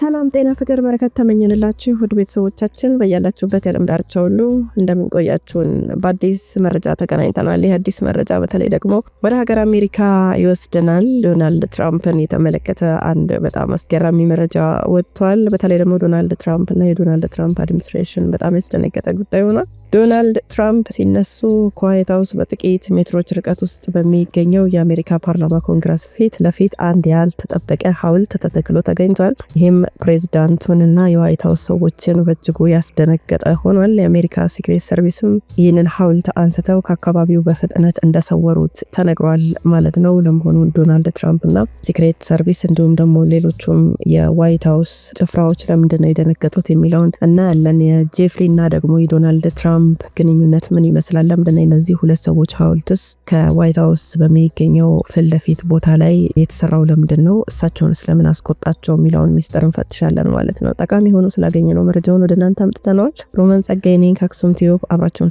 ሰላም ጤና ፍቅር በረከት ተመኝንላችሁ ውድ ቤተሰቦቻችን በያላችሁበት የዓለም ዳርቻ ሁሉ እንደምንቆያችሁን በአዲስ መረጃ ተገናኝተናል። ይህ አዲስ መረጃ በተለይ ደግሞ ወደ ሀገር አሜሪካ ይወስደናል። ዶናልድ ትራምፕን የተመለከተ አንድ በጣም አስገራሚ መረጃ ወጥቷል። በተለይ ደግሞ ዶናልድ ትራምፕ እና የዶናልድ ትራምፕ አድሚኒስትሬሽን በጣም ያስደነገጠ ጉዳይ ሆኗል። ዶናልድ ትራምፕ ሲነሱ ከዋይት ሀውስ በጥቂት ሜትሮች ርቀት ውስጥ በሚገኘው የአሜሪካ ፓርላማ ኮንግረስ ፊት ለፊት አንድ ያልተጠበቀ ሐውልት ተተክሎ ተገኝቷል። ይህም ፕሬዚዳንቱንና የዋይት ሀውስ ሰዎችን በእጅጉ ያስደነገጠ ሆኗል። የአሜሪካ ሲክሬት ሰርቪስም ይህንን ሐውልት አንስተው ከአካባቢው በፍጥነት እንደሰወሩት ተነግሯል ማለት ነው። ለመሆኑ ዶናልድ ትራምፕና ሲክሬት ሰርቪስ እንዲሁም ደግሞ ሌሎቹም የዋይት ሀውስ ጭፍራዎች ለምንድነው የደነገጡት የሚለውን ያለን የጄፍሪ እና ደግሞ የዶናልድ ትራምፕ ትራምፕ ግንኙነት ምን ይመስላል? ለምንድን እነዚህ ሁለት ሰዎች ሀውልትስ ከዋይት ሀውስ በሚገኘው ፊት ለፊት ቦታ ላይ የተሰራው? ለምንድን ነው እሳቸውን ስለምን አስቆጣቸው የሚለውን ሚስጥር እንፈትሻለን ማለት ነው። ጠቃሚ ሆኖ ስላገኘ ነው መረጃውን ወደ እናንተ አምጥተነዋል። ሮማን ጸጋዬ ነኝ ከአክሱም ቲዩብ።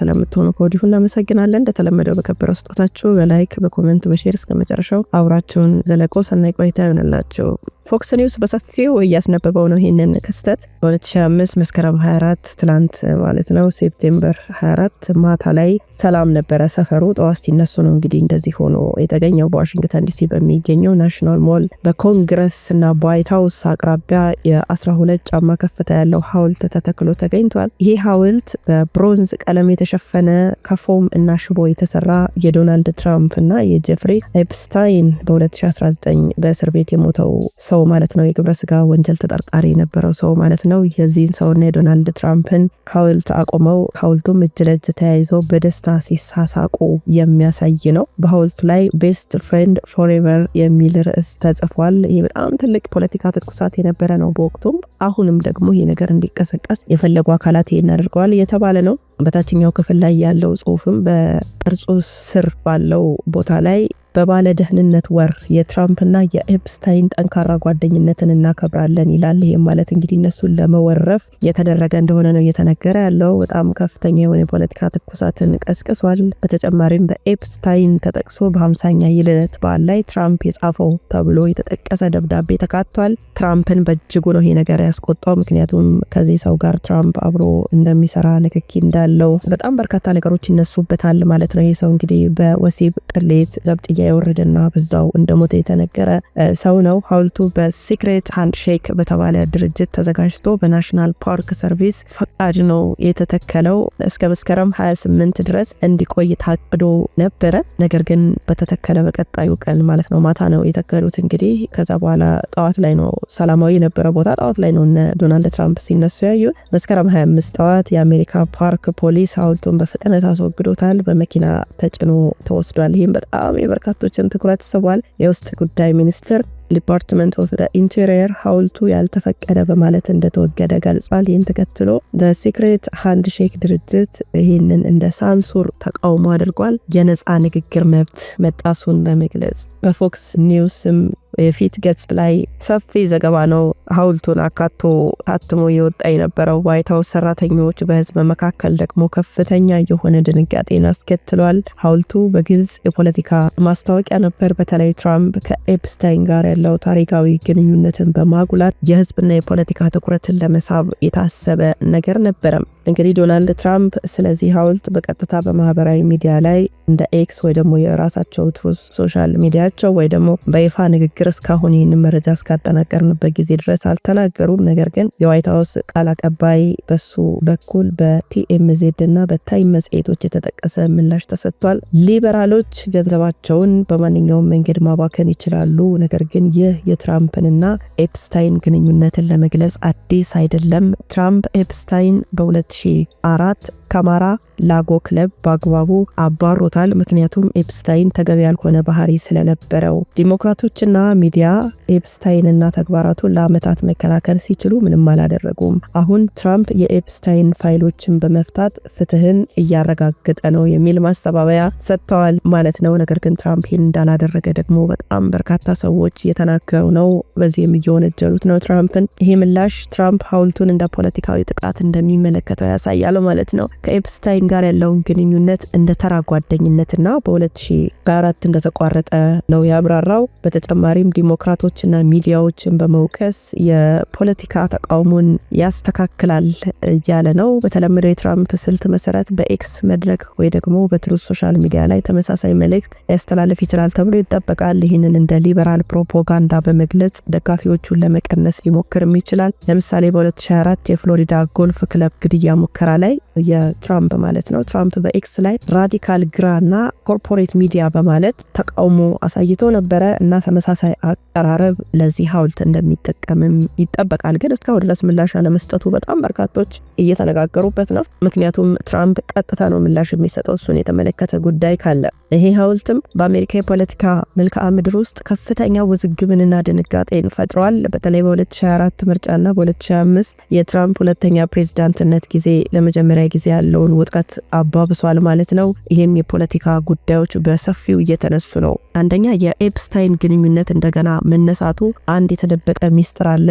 ስለምትሆኑ ከወዲሁ እናመሰግናለን። እንደተለመደው በከበረው ስጦታችሁ በላይክ በኮመንት በሼር እስከ መጨረሻው አብራችሁን ዘለቆ ሰናይ ቆይታ ይሆንላቸው። ፎክስ ኒውስ በሰፊው እያስነበበው ነው ይህንን ክስተት በ2005 መስከረም 24 ትላንት ማለት ነው ሴፕቴምበር 24 ማታ ላይ ሰላም ነበረ ሰፈሩ። ጠዋት ሲነሱ ነው እንግዲህ እንደዚህ ሆኖ የተገኘው። በዋሽንግተን ዲሲ በሚገኘው ናሽናል ሞል በኮንግረስ እና በዋይት ሀውስ አቅራቢያ የ12 ጫማ ከፍታ ያለው ሐውልት ተተክሎ ተገኝቷል። ይሄ ሀውልት በብሮንዝ ቀለም የተሸፈነ ከፎም እና ሽቦ የተሰራ የዶናልድ ትራምፕ እና የጀፍሪ ኤፕስታይን በ2019 በእስር ቤት የሞተው ሰው ሰው ማለት ነው፣ የግብረ ስጋ ወንጀል ተጠርጣሪ የነበረው ሰው ማለት ነው። የዚህን ሰውና የዶናልድ ትራምፕን ሀውልት አቆመው ሀውልቱም እጅ ለእጅ ተያይዘው በደስታ ሲሳሳቁ የሚያሳይ ነው። በሀውልቱ ላይ ቤስት ፍሬንድ ፎሬቨር የሚል ርዕስ ተጽፏል። ይህ በጣም ትልቅ ፖለቲካ ትኩሳት የነበረ ነው በወቅቱም። አሁንም ደግሞ ይህ ነገር እንዲቀሰቀስ የፈለጉ አካላት ይህን አድርገዋል የተባለ ነው። በታችኛው ክፍል ላይ ያለው ጽሁፍም በቅርጹ ስር ባለው ቦታ ላይ በባለ ደህንነት ወር የትራምፕና የኤፕስታይን ጠንካራ ጓደኝነትን እናከብራለን ይላል። ይህም ማለት እንግዲህ እነሱን ለመወረፍ የተደረገ እንደሆነ ነው እየተነገረ ያለው። በጣም ከፍተኛ የሆነ የፖለቲካ ትኩሳትን ቀስቅሷል። በተጨማሪም በኤፕስታይን ተጠቅሶ በሀምሳኛ የልደት በዓል ላይ ትራምፕ የጻፈው ተብሎ የተጠቀሰ ደብዳቤ ተካቷል። ትራምፕን በእጅጉ ነው ይሄ ነገር ያስቆጣው። ምክንያቱም ከዚህ ሰው ጋር ትራምፕ አብሮ እንደሚሰራ ንክኪ እንዳለ አለው። በጣም በርካታ ነገሮች ይነሱበታል ማለት ነው። ይሄ ሰው እንግዲህ በወሲብ ቅሌት ዘብጥያ የወረደና በዛው እንደሞተ የተነገረ ሰው ነው። ሐውልቱ በሲክሬት ሃንድ ሼክ በተባለ ድርጅት ተዘጋጅቶ በናሽናል ፓርክ ሰርቪስ ፈቃድ ነው የተተከለው። እስከ መስከረም 28 ድረስ እንዲቆይ ታቅዶ ነበረ። ነገር ግን በተተከለ በቀጣዩ ቀን ማለት ነው ማታ ነው የተከሉት። እንግዲህ ከዛ በኋላ ጠዋት ላይ ነው ሰላማዊ የነበረ ቦታ ጠዋት ላይ ነው እነ ዶናልድ ትራምፕ ሲነሱ ያዩ። መስከረም 25 ጠዋት የአሜሪካ ፓርክ ፖሊስ ሀውልቱን በፍጥነት አስወግዶታል። በመኪና ተጭኖ ተወስዷል። ይህም በጣም የበርካቶችን ትኩረት ስቧል። የውስጥ ጉዳይ ሚኒስትር ዲፓርትመንት ኦፍ ኢንቴሪየር ሀውልቱ ያልተፈቀደ በማለት እንደተወገደ ገልጿል። ይህን ተከትሎ ሲክሬት ሃንድ ሼክ ድርጅት ይህንን እንደ ሳንሱር ተቃውሞ አድርጓል። የነፃ ንግግር መብት መጣሱን በመግለጽ በፎክስ ኒውስም የፊት ገጽ ላይ ሰፊ ዘገባ ነው ሐውልቱን አካቶ ታትሞ የወጣ የነበረው። ዋይት ሀውስ ሰራተኞች በህዝብ መካከል ደግሞ ከፍተኛ የሆነ ድንጋጤን አስከትሏል። ሐውልቱ በግልጽ የፖለቲካ ማስታወቂያ ነበር። በተለይ ትራምፕ ከኤፕስታይን ጋር ያለው ታሪካዊ ግንኙነትን በማጉላት የህዝብና የፖለቲካ ትኩረትን ለመሳብ የታሰበ ነገር ነበረም። እንግዲህ ዶናልድ ትራምፕ ስለዚህ ሐውልት በቀጥታ በማህበራዊ ሚዲያ ላይ እንደ ኤክስ ወይ ደግሞ የራሳቸው ሶሻል ሚዲያቸው ወይ ደግሞ በይፋ ንግግር ንግግር እስካሁን ይህንን መረጃ እስካጠናቀርንበት ጊዜ ድረስ አልተናገሩም። ነገር ግን የዋይት ሀውስ ቃል አቀባይ በሱ በኩል በቲኤምዜድ እና በታይም መጽሔቶች የተጠቀሰ ምላሽ ተሰጥቷል። ሊበራሎች ገንዘባቸውን በማንኛውም መንገድ ማባከን ይችላሉ፣ ነገር ግን ይህ የትራምፕንና ኤፕስታይን ግንኙነትን ለመግለጽ አዲስ አይደለም። ትራምፕ ኤፕስታይን በ2004 ከማራ ላጎ ክለብ በአግባቡ አባሮታል። ምክንያቱም ኤፕስታይን ተገቢ ያልሆነ ባህሪ ስለነበረው። ዲሞክራቶችና ሚዲያ ኤፕስታይንና ተግባራቱን ለአመታት መከላከል ሲችሉ ምንም አላደረጉም። አሁን ትራምፕ የኤፕስታይን ፋይሎችን በመፍታት ፍትህን እያረጋገጠ ነው የሚል ማስተባበያ ሰጥተዋል ማለት ነው። ነገር ግን ትራምፕ ይህን እንዳላደረገ ደግሞ በጣም በርካታ ሰዎች እየተናገሩ ነው። በዚህም እየወነጀሉት ነው ትራምፕን። ይሄ ምላሽ ትራምፕ ሀውልቱን እንደ ፖለቲካዊ ጥቃት እንደሚመለከተው ያሳያል ማለት ነው። ከኤፕስታይን ጋር ያለውን ግንኙነት እንደ ተራ ጓደኝነትና በ2004 እንደተቋረጠ ነው ያብራራው። በተጨማሪም ዲሞክራቶችና ሚዲያዎችን በመውቀስ የፖለቲካ ተቃውሞን ያስተካክላል እያለ ነው። በተለመደው የትራምፕ ስልት መሰረት በኤክስ መድረክ ወይ ደግሞ በትሩዝ ሶሻል ሚዲያ ላይ ተመሳሳይ መልእክት ሊያስተላልፍ ይችላል ተብሎ ይጠበቃል። ይህንን እንደ ሊበራል ፕሮፓጋንዳ በመግለጽ ደጋፊዎቹን ለመቀነስ ሊሞክርም ይችላል። ለምሳሌ በ2024 የፍሎሪዳ ጎልፍ ክለብ ግድያ ሙከራ ላይ ትራምፕ ማለት ነው። ትራምፕ በኤክስ ላይ ራዲካል ግራና ኮርፖሬት ሚዲያ በማለት ተቃውሞ አሳይቶ ነበረ እና ተመሳሳይ አቀራረብ ለዚህ ሀውልት እንደሚጠቀምም ይጠበቃል። ግን እስካሁን ድረስ ምላሽ አለመስጠቱ በጣም በርካቶች እየተነጋገሩበት ነው። ምክንያቱም ትራምፕ ቀጥታ ነው ምላሽ የሚሰጠው እሱን የተመለከተ ጉዳይ ካለ። ይሄ ሀውልትም በአሜሪካ የፖለቲካ መልክዓ ምድር ውስጥ ከፍተኛ ውዝግብንና ድንጋጤን ፈጥሯል። በተለይ በ2024 ምርጫና በ2025 የትራምፕ ሁለተኛ ፕሬዚዳንትነት ጊዜ ለመጀመሪያ ጊዜ ያለውን ውጥረት አባብሷል ማለት ነው። ይህም የፖለቲካ ጉዳዮች በሰፊው እየተነሱ ነው። አንደኛ የኤፕስታይን ግንኙነት እንደገና መነሳቱ አንድ የተደበቀ ሚስጥር አለ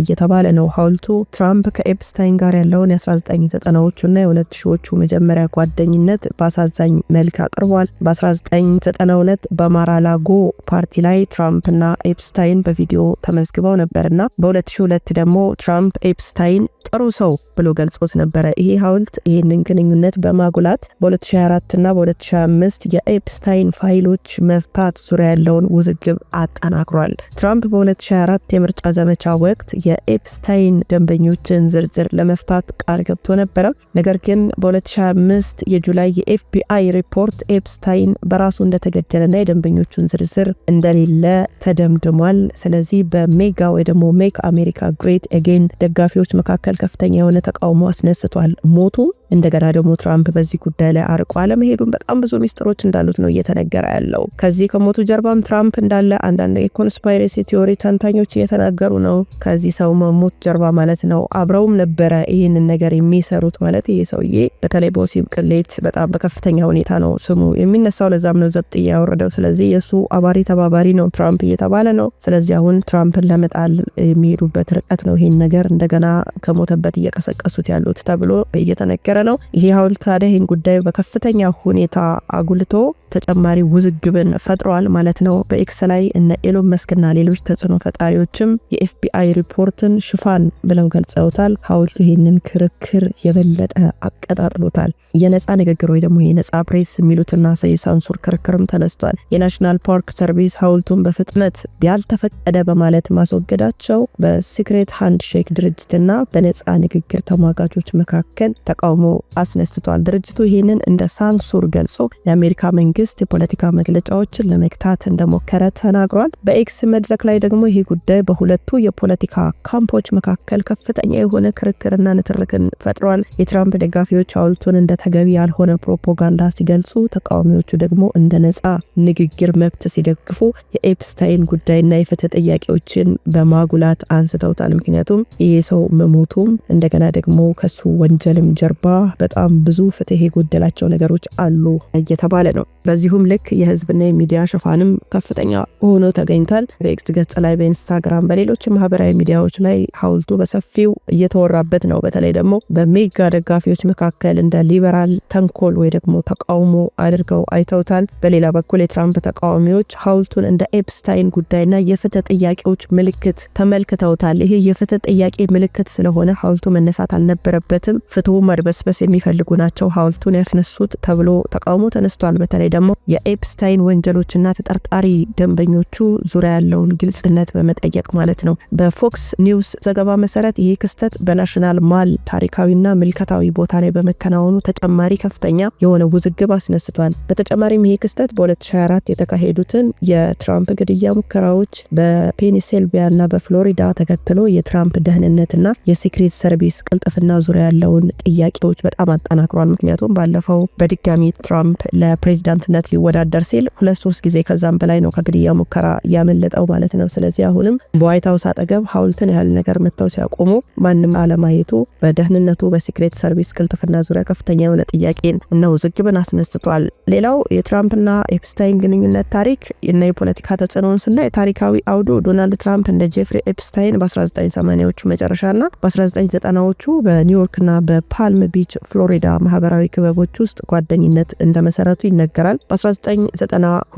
እየተባለ ነው። ሀውልቱ ትራምፕ ከኤፕስታይን ጋር ያለውን የ1990ዎቹና የ2000ዎቹ መጀመሪያ ጓደኝነት በአሳዛኝ መልክ አቅርቧል። በ1992 በማራላጎ ፓርቲ ላይ ትራምፕ ና ኤፕስታይን በቪዲዮ ተመዝግበው ነበርና በ2002 ደግሞ ትራምፕ ኤፕስታይን ጥሩ ሰው ብሎ ገልጾት ነበረ። ይሄ ሀውልት ይህንን ግንኙነት በማጉላት በ2024ና በ2025 የኤፕስታይን ፋይሎች መፍታ በስርዓት ዙሪያ ያለውን ውዝግብ አጠናክሯል። ትራምፕ በ2024 የምርጫ ዘመቻ ወቅት የኤፕስታይን ደንበኞችን ዝርዝር ለመፍታት ቃል ገብቶ ነበረ። ነገር ግን በ2025 የጁላይ የኤፍቢአይ ሪፖርት ኤፕስታይን በራሱ እንደተገደለና የደንበኞቹን ዝርዝር እንደሌለ ተደምድሟል። ስለዚህ በሜጋ ወይ ደግሞ ሜክ አሜሪካ ግሬት ኤጌን ደጋፊዎች መካከል ከፍተኛ የሆነ ተቃውሞ አስነስቷል። ሞቱ እንደገና ደግሞ ትራምፕ በዚህ ጉዳይ ላይ አርቆ አለመሄዱን በጣም ብዙ ሚስጥሮች እንዳሉት ነው እየተነገረ ያለው ከዚህ ከሞቱ ጀርባም ትራምፕ እንዳለ አንዳንድ የኮንስፓይሬሲ ቲዎሪ ተንታኞች እየተናገሩ ነው። ከዚህ ሰው መሞት ጀርባ ማለት ነው አብረውም ነበረ ይህንን ነገር የሚሰሩት ማለት ይሄ ሰውዬ በተለይ በወሲብ ቅሌት በጣም በከፍተኛ ሁኔታ ነው ስሙ የሚነሳው። ለዛም ነው ዘብጥ እያወረደው። ስለዚህ የእሱ አባሪ ተባባሪ ነው ትራምፕ እየተባለ ነው። ስለዚህ አሁን ትራምፕን ለመጣል የሚሄዱበት ርቀት ነው ይህን ነገር እንደገና ከሞተበት እየቀሰቀሱት ያሉት ተብሎ እየተነገረ ነው። ይሄ ሀውልት ታዲያ ይህን ጉዳይ በከፍተኛ ሁኔታ አጉልቶ ተጨማሪ ውዝግብን ፈጥሮ ተፈጥረዋል ማለት ነው። በኤክስ ላይ እነ ኤሎን መስክና ሌሎች ተጽዕኖ ፈጣሪዎችም የኤፍቢአይ ሪፖርትን ሽፋን ብለው ገልጸውታል። ሀውልቱ ይህንን ክርክር የበለጠ አቀጣጥሎታል። የነፃ ንግግር ወይ ደግሞ የነፃ ፕሬስ የሚሉትና የሳንሱር ክርክርም ተነስቷል። የናሽናል ፓርክ ሰርቪስ ሀውልቱን በፍጥነት ያልተፈቀደ በማለት ማስወገዳቸው በሲክሬት ሃንድሼክ ድርጅትና በነፃ ንግግር ተሟጋቾች መካከል ተቃውሞ አስነስቷል። ድርጅቱ ይህንን እንደ ሳንሱር ገልጾ የአሜሪካ መንግስት የፖለቲካ መግለጫዎችን ለመግታት እንደሞከረ ተናግሯል። በኤክስ መድረክ ላይ ደግሞ ይህ ጉዳይ በሁለቱ የፖለቲካ ካምፖች መካከል ከፍተኛ የሆነ ክርክርና ንትርክን ፈጥሯል። የትራምፕ ደጋፊዎች ሐውልቱን እንደ ተገቢ ያልሆነ ፕሮፓጋንዳ ሲገልጹ፣ ተቃዋሚዎቹ ደግሞ እንደ ነጻ ንግግር መብት ሲደግፉ የኤፕስታይን ጉዳይና የፍትህ ጥያቄዎችን በማጉላት አንስተውታል። ምክንያቱም ይሄ ሰው መሞቱም እንደገና ደግሞ ከሱ ወንጀልም ጀርባ በጣም ብዙ ፍትህ የጎደላቸው ነገሮች አሉ እየተባለ ነው። በዚሁም ልክ የህዝብና የሚዲያ ሽፋንም ከፍተኛ ሆኖ ተገኝቷል። በኤክስ ገጽ ላይ፣ በኢንስታግራም፣ በሌሎች ማህበራዊ ሚዲያዎች ላይ ሀውልቱ በሰፊው እየተወራበት ነው። በተለይ ደግሞ በሜጋ ደጋፊዎች መካከል እንደ ሊበራል ተንኮል ወይ ደግሞ ተቃውሞ አድርገው አይተውታል። በሌላ በኩል የትራምፕ ተቃዋሚዎች ሀውልቱን እንደ ኤፕስታይን ጉዳይና የፍትህ ጥያቄዎች ምልክት ተመልክተውታል። ይህ የፍትህ ጥያቄ ምልክት ስለሆነ ሀውልቱ መነሳት አልነበረበትም፣ ፍትሁ መድበስበስ የሚፈልጉ ናቸው ሀውልቱን ያስነሱት ተብሎ ተቃውሞ ተነስቷል። በተለይ ደግሞ የኤፕስታይን ወንጀሎች እና ተጠርጣሪ ደንበኞቹ ዙሪያ ያለውን ግልጽነት በመጠየቅ ማለት ነው። በፎክስ ኒውስ ዘገባ መሰረት ይህ ክስተት በናሽናል ማል ታሪካዊና ምልከታዊ ቦታ ላይ በመከናወኑ ተጨማሪ ከፍተኛ የሆነ ውዝግብ አስነስቷል። በተጨማሪም ይህ ክስተት በ2024 የተካሄዱትን የትራምፕ ግድያ ሙከራዎች በፔንሲልቪያና በፍሎሪዳ ተከትሎ የትራምፕ ደህንነትና የሲክሬት ሰርቪስ ቅልጥፍና ዙሪያ ያለውን ጥያቄዎች በጣም አጠናክሯል። ምክንያቱም ባለፈው በድጋሚ ትራምፕ ለፕሬዚዳንትነት ሊወዳደር ሲል ሁለት ሶስት ጊዜ ከዛም በላይ ነው ከግድያ ሙከራ ያመለጠው ማለት ነው። ስለዚህ አሁንም በዋይት ሀውስ አጠገብ ሀውልትን ያህል ነገር መጥተው ሲያቆሙ ማንም አለማየቱ በደህንነቱ በሲክሬት ሰርቪስ ቅልጥፍና ዙሪያ ከፍተኛ የሆነ ጥያቄን እና ውዝግብን አስነስቷል። ሌላው የትራምፕና ኤፕስታይን ግንኙነት ታሪክ እና የፖለቲካ ተጽዕኖን ስናይ ታሪካዊ አውዱ ዶናልድ ትራምፕ እንደ ጄፍሪ ኤፕስታይን በ1980ዎቹ መጨረሻና በ1990ዎቹ በኒውዮርክና በፓልም ቢች ፍሎሪዳ ማህበራዊ ክበቦች ውስጥ ጓደኝነት እንደመሰረቱ ይነገራል። በ1992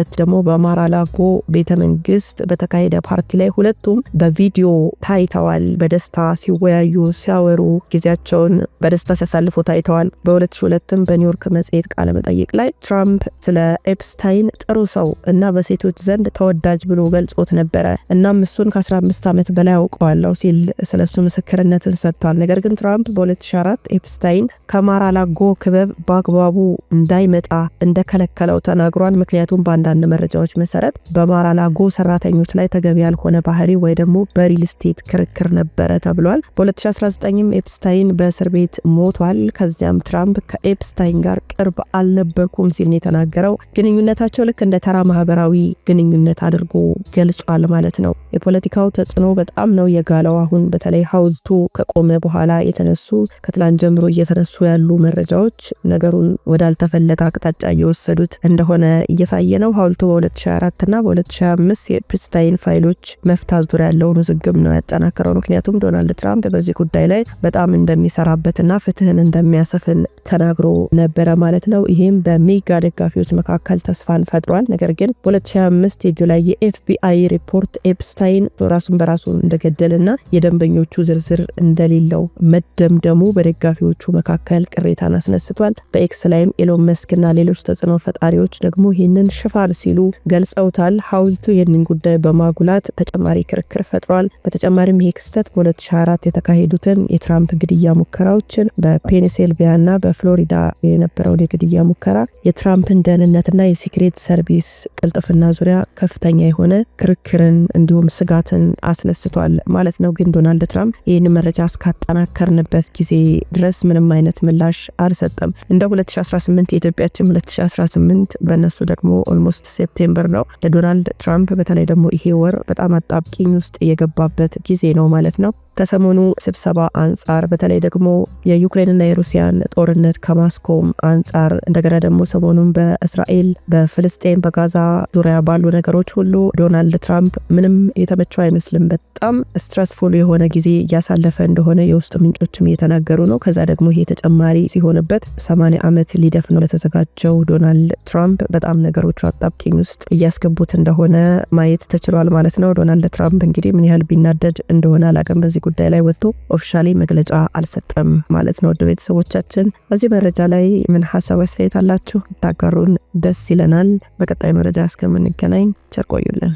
ሁለት ደግሞ በማራላጎ ቤተ መንግስት በተካሄደ ፓርቲ ላይ ሁለቱም በቪዲዮ ታይተዋል። በደስታ ሲወያዩ፣ ሲያወሩ፣ ጊዜያቸውን በደስታ ሲያሳልፉ ታይተዋል። በ2002ም በኒውዮርክ መጽሔት ቃለ መጠይቅ ላይ ትራምፕ ስለ ኤፕስታይን ጥሩ ሰው እና በሴቶች ዘንድ ተወዳጅ ብሎ ገልጾት ነበረ። እናም እሱን ከ15 ዓመት በላይ አውቀዋለሁ ሲል ስለሱ ምስክርነትን ሰጥቷል። ነገር ግን ትራምፕ በ2004 ኤፕስታይን ከማራላጎ ክበብ በአግባቡ እንዳይመጣ እንደከለከለው ተናግሯል። ምክንያቱም በአንድ አንዳንድ መረጃዎች መሰረት በማራላጎ ሰራተኞች ላይ ተገቢ ያልሆነ ባህሪ ወይ ደግሞ በሪል ስቴት ክርክር ነበረ ተብሏል። በ2019ም ኤፕስታይን በእስር ቤት ሞቷል። ከዚያም ትራምፕ ከኤፕስታይን ጋር ቅርብ አልነበኩም ሲል የተናገረው ግንኙነታቸው ልክ እንደ ተራ ማህበራዊ ግንኙነት አድርጎ ገልጿል ማለት ነው። የፖለቲካው ተጽዕኖ በጣም ነው የጋለው። አሁን በተለይ ሀውልቱ ከቆመ በኋላ የተነሱ ከትላንት ጀምሮ እየተነሱ ያሉ መረጃዎች ነገሩን ወዳልተፈለገ አቅጣጫ እየወሰዱት እንደሆነ እየታየ ነው። ሀውልቱ በ2004 እና በ2025 የኤፕስታይን ፋይሎች መፍታት ዙሪያ ያለውን ውዝግብ ነው ያጠናከረው። ምክንያቱም ዶናልድ ትራምፕ በዚህ ጉዳይ ላይ በጣም እንደሚሰራበትና ፍትህን እንደሚያሰፍን ተናግሮ ነበረ ማለት ነው። ይህም በሚጋ ደጋፊዎች መካከል ተስፋን ፈጥሯል። ነገር ግን በ2025 የጁላይ የኤፍቢአይ ሪፖርት ኤፕስታይን ራሱን በራሱ እንደገደልና የደንበኞቹ ዝርዝር እንደሌለው መደምደሙ በደጋፊዎቹ መካከል ቅሬታን አስነስቷል። በኤክስ ላይም ኤሎን መስክና ሌሎች ተጽዕኖ ፈጣሪዎች ደግሞ ይህንን ሽፋን ተፈጥሯል ሲሉ ገልጸውታል። ሐውልቱ ይህንን ጉዳይ በማጉላት ተጨማሪ ክርክር ፈጥሯል። በተጨማሪም ይሄ ክስተት በ2024 የተካሄዱትን የትራምፕ ግድያ ሙከራዎችን በፔንሲልቬኒያና በፍሎሪዳ የነበረውን የግድያ ሙከራ የትራምፕን ደህንነትና የሲክሬት ሰርቪስ ቅልጥፍና ዙሪያ ከፍተኛ የሆነ ክርክርን እንዲሁም ስጋትን አስነስቷል ማለት ነው። ግን ዶናልድ ትራምፕ ይህን መረጃ እስካጠናከርንበት ጊዜ ድረስ ምንም አይነት ምላሽ አልሰጠም። እንደ 2018 የኢትዮጵያችን 2018 በእነሱ ደግሞ ኦልሞስት አምስት ሴፕቴምበር ነው ለዶናልድ ትራምፕ በተለይ ደግሞ ይሄ ወር በጣም አጣብቂኝ ውስጥ የገባበት ጊዜ ነው ማለት ነው። ከሰሞኑ ስብሰባ አንጻር በተለይ ደግሞ የዩክሬንና የሩሲያን ጦርነት ከማስቆም አንጻር እንደገና ደግሞ ሰሞኑን በእስራኤል በፍልስጤን በጋዛ ዙሪያ ባሉ ነገሮች ሁሉ ዶናልድ ትራምፕ ምንም የተመቸው አይመስልም። በጣም ስትረስፉል የሆነ ጊዜ እያሳለፈ እንደሆነ የውስጥ ምንጮችም እየተናገሩ ነው። ከዛ ደግሞ ይሄ ተጨማሪ ሲሆንበት ሰማንያ ዓመት ሊደፍ ነው ለተዘጋጀው ዶናልድ ትራምፕ በጣም ነገሮቹ አጣብቂኝ ውስጥ እያስገቡት እንደሆነ ማየት ተችሏል ማለት ነው። ዶናልድ ትራምፕ እንግዲህ ምን ያህል ቢናደድ እንደሆነ አላውቅም በዚህ በዚህ ጉዳይ ላይ ወጥቶ ኦፊሻሊ መግለጫ አልሰጠም ማለት ነው። ውድ ቤተሰቦቻችን በዚህ መረጃ ላይ ምን ሀሳብ አስተያየት አላችሁ? ታጋሩን ደስ ይለናል። በቀጣይ መረጃ እስከምንገናኝ ቸር ቆዩልን።